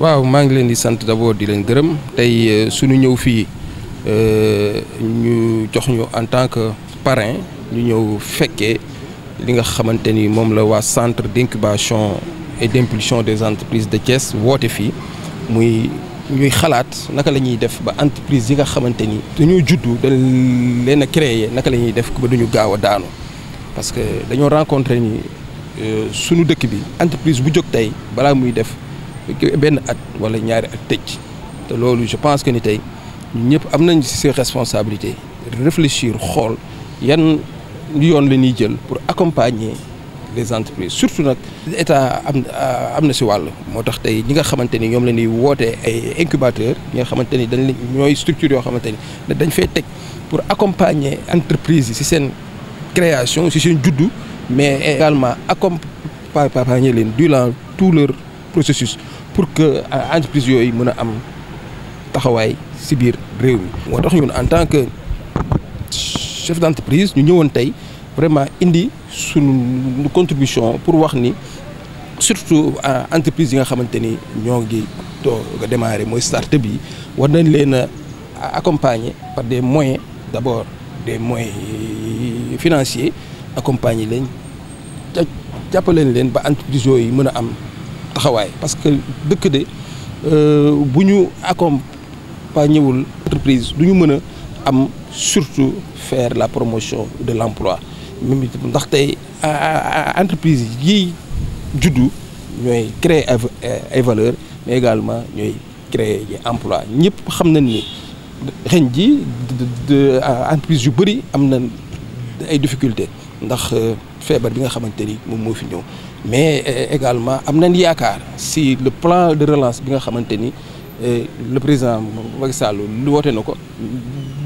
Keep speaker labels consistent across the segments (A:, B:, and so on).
A: waaw maa ngi leen di sant d'abord di leen gërëm tey euh, suñu ñëw fii euh, ñu jox ñu en tant que parrain ñu ñëw fekkee li nga xamante ni moom la waa centre d'incubation et d'impulsion des entreprises de Thiès woote fii muy ñuy xalaat naka la ñuy def ba entreprise yi nga xamante ni dañoo juddu dañ leen a créer naka la ñuy def ba duñu gaaw a daanu parce que dañoo rencontré ni euh, suñu dëkk bi entreprise bu jóg tey balaa muy def benn at wala ñaari at tëj te loolu je pense que ni tey ñun ñëpp am nañ ci seen responsabilité réfléchir xool yan yoon la ñuy jël pour accompagner des entreprises surtout nag état am am na si wàll. moo tax tey ñi nga xamante ni ñoom la ñuy wootee ay incubateurs ñi nga xamante ni dañ ñooy structures yoo xamante ni dañ fee teg pour accompagner entreprise yi si seen création si seen juddu mais également accompagner leen durant tout leur. processus pour que euh, entreprise yooyu mën a am taxawaay si biir réew mi. moo tax ñun en tant que chef d'entreprise ñu ñëwoon tey vraiment indi suñu contribution pour wax ni surtout euh, entreprise yi nga xamante ni ñoo ngi doog a démarrer mooy start-up yi war nañ leen a accompagner par des moyens d'abord des moyens financier accompagner leen jàppaleen leen ba entreprise yooyu mën a am. taxawaay parce que dëkk de euh, bu ñu accompagné wul entreprise du ñu mën a am surtout faire la promotion de l'emploi même ndax tey entreprise yi juddu ñooy créer ay valeur mais également ñooy créer emploi ñëpp xam na ni ren ji entreprise yu bëri am na ay difficultés ndax euh, feebar bi nga xamante ni moom moo fi ñëw mais euh, également am nañ yaakaar si le plan de relance bi nga xamante ni euh, le président Macky Sall lu woote na ko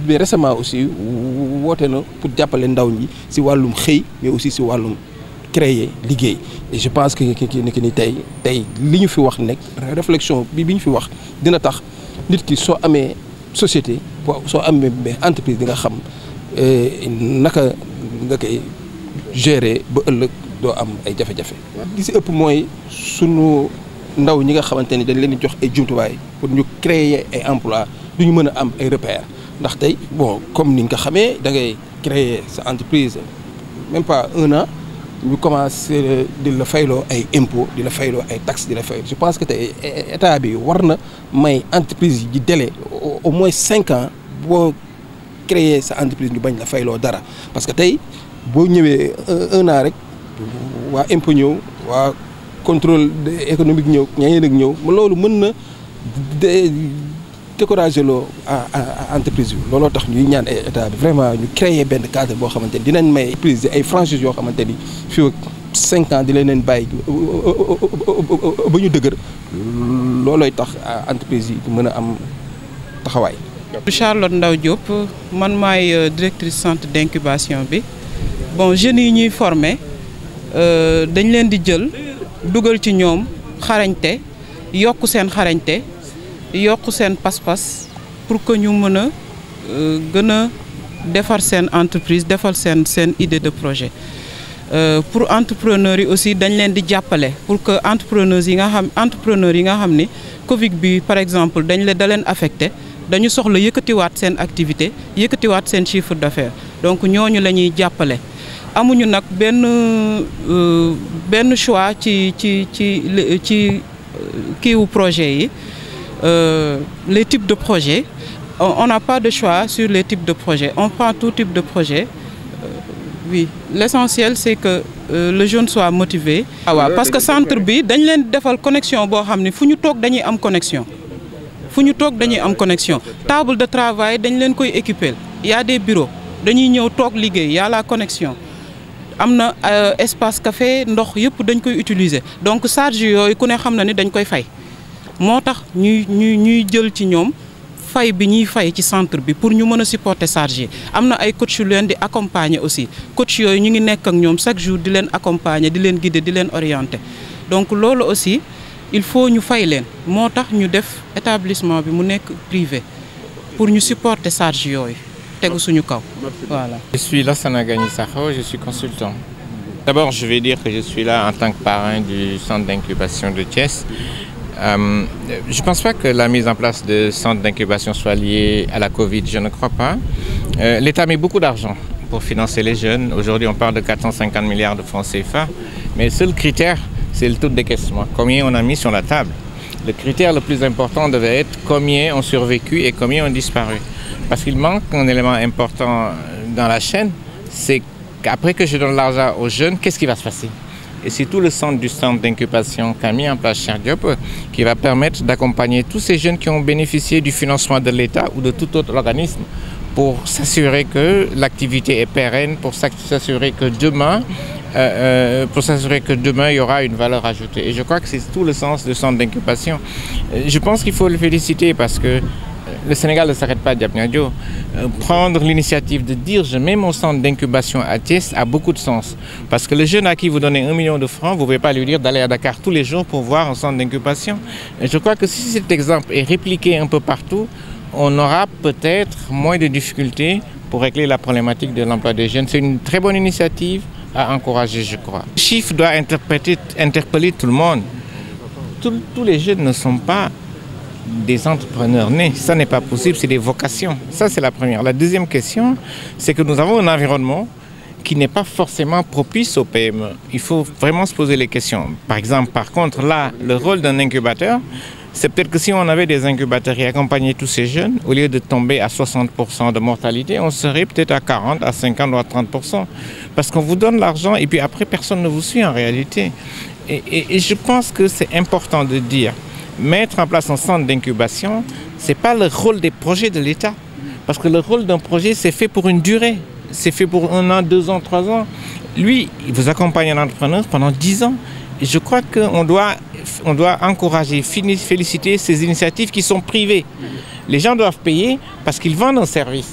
A: mais récemment aussi woote na pour jàppale ndaw ñi si wàllum xëy mais aussi si wàllum créer liggéey je pense que que ni tey tey li ñu fi wax nekk réflexion bi bi ñu fi wax dina tax nit ki soo amee société soo amee entreprise di nga xam euh, naka nga koy gérer ba ëllëg doo am ay jafe-jafe. li si ëpp mooy sunu ndaw ñi nga xamante ni dañ leen di jox ay jumtuwaay pour ñu créer ay emploi du ñu mën a am ay repères ndax tey bon comme ni nga xamee da ngay créer sa entreprise même pas un an ñu commencé di la fayloo ay impôts di la fayloo ay taxes di la fay je pense que tey état bi war na may entreprise yi délai au moins cinq ans boo créer sa entreprise ñu bañ la fayloo dara parce que tey. boo ñëwee un rek waa impôt ñëw waa de économique ñëw ñaareel ak ñëw loolu mën na décourager loo entreprise bi looloo tax ñuy ñaan ay état bi vraiment ñu créer benn cadre boo xamante ni dinañ may prise ay franchise yoo xamante ni fii ak cinq ans di leen bàyyi ba ñu dëgër loolooy tax entreprise yi mën a am taxawaay.
B: Charlotte Ndaw Diop man maay directrice centre d'incubation bi. bon jeunes yi ñuy former euh, dañ leen di jël dugal ci ñoom xarañte yokk seen xarañte yokk seen pas-pas pour que ñu mën a euh, gën a defar seen entreprise defar seen seen idée de projet euh, pour entrepreneurs yi aussi dañ leen di jàppale pour que entrepreneurs yi nga xam entrepreneurs yi nga xam ni Covid bi par exemple dañ leen da leen affecté dañu soxla yëkkatiwaat seen activité yëkkatiwaat seen chiffre d'affaires donc ñooñu la ñuy jàppale amuñu nag benn euh, benn choix ci ci ci ci euh, kiiwu projet yi euh, les types de projets on n'a pas de choix sur les types de projet on prend tout type de projet oui l'essentiel c'est que le jeune soit motivé waaw ah parce que centre bi dañ leen defal connexion boo xam ni fu ñu toog dañuy am connexion fu ñu toog dañuy am connexion table de travail dañu leen koy équiper y a des dañuy ñëw toog liggéey y la connexion am na euh, espace café ndox yëpp dañ koy utiliser donc charge yooyu ku ne xam na ne dañ koy fay moo tax ñuy ñuy ñuy jël ci ñoom fay bi ñuy fay ci centre bi pour ñu mën a supporter charge am na ay coach yu leen di accompagner aussi coach yooyu ñu ngi nekk ak ñoom chaque jours di leen accompagner di leen guider di leen orienter donc loolu aussi il faut ñu fay leen moo tax ñu def établissement bi mu nekk privé pour ñu supporter charge yooyu
C: tegu suñu kaw voilà. je suis Lassana Gagny Sakho je suis consultant. d'abord je vais dire que je suis là en tant que parrain du centre d'incubation de Thiès. Euh, je pense pas que la mise en place de centres d'incubation soit liée à la Covid, je ne crois pas. Euh, l'État met beaucoup d'argent pour financer les jeunes. Aujourd'hui, on parle de 450 milliards de francs CFA, mais seul critère, c'est on a mis sur la table? Le critère le plus important devait être combien ont survécu et combien Parce qu'il manque un élément important dans la chaîne, c'est qu'après que je donne l'argent aux jeunes, qu'est-ce qui va se passer et c'est tout le centre du centre d'incubation qu'a mis en place Cheikh Diop euh, qui va permettre d'accompagner tous ces jeunes qui ont bénéficié du financement de l'État ou de tout autre organisme pour s'assurer que l'activité est pérenne, pour s'assurer que demain, euh, euh, pour s'assurer que demain il y aura une valeur ajoutée. Et je crois que c'est tout le sens du centre d'incubation. Euh, je pense qu'il faut le féliciter parce que le Sénégal ne s'arrête pas à Diamniadio. Euh, prendre l'initiative de dire je mets mon centre d'incubation à Thiès a beaucoup de sens. Parce que le jeune à qui vous donnez un million de francs, vous ne pouvez pas lui dire d'aller à Dakar tous les jours pour voir un centre d'incubation. Je crois que si cet exemple est répliqué un peu partout, on aura peut-être moins de difficultés pour régler la problématique de l'emploi des jeunes. C'est une très bonne initiative à encourager, je crois. Le chiffre doit interpeller, interpeller tout le monde. Tout, tous les jeunes ne sont pas des entrepreneurs nés. Ça n'est pas possible, c'est des vocations. Ça, c'est la première. La deuxième question, c'est que nous avons un environnement qui n'est pas forcément propice aux PME. Il faut vraiment se poser les questions. Par exemple, par contre, là, le rôle d'un incubateur, c'est peut-être que si on avait des incubateurs et accompagnait tous ces jeunes, au lieu de tomber à 60% de mortalité, on serait peut-être à 40, à 50 personne ne vous suit en réalité. Et, je pense que c'est important de dire mettre en place un centre d'incubation, ce n'est pas le rôle des projets de l'État. Parce que le rôle d'un projet, c'est fait pour une durée. C'est fait pour un an, deux ans, trois ans. Lui, il vous accompagne un entrepreneur pendant dix ans. Et je crois qu'on doit, on doit encourager, féliciter ces initiatives qui sont privées. Les gens doivent payer parce qu'ils vendent un service.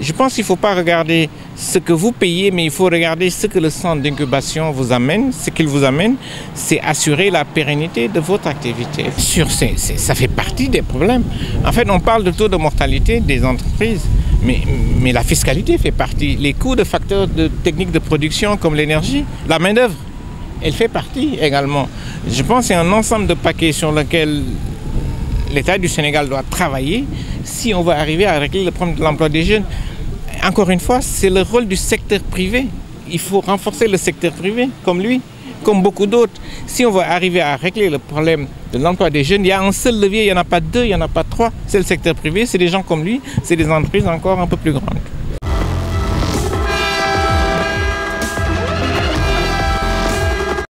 C: Je pense qu'il ne faut pas regarder ce que vous payez, mais il faut regarder ce que le centre d'incubation vous amène. Ce qu'il vous amène, c'est assurer la pérennité de votre activité. Sur ces, ça fait partie des problèmes. En fait, on parle de taux de mortalité des entreprises. Mais, mais, la fiscalité fait partie. Les coûts de facteurs de techniques de production comme l'énergie, la main-d'œuvre, elle fait partie également. Je pense que c'est un ensemble de paquets sur lequel l'État du Sénégal doit travailler. si on va arriver à régler le problème de l'emploi des jeunes, encore une fois, c'est le rôle du secteur privé. Il faut renforcer le secteur privé, comme lui, comme beaucoup d'autres. Si on va arriver à régler le problème de l'emploi des jeunes, il y a un seul levier, il n'y en a pas deux, il n'y en a pas trois. C'est le secteur privé, c'est des gens comme lui, c'est des entreprises encore un peu plus grandes.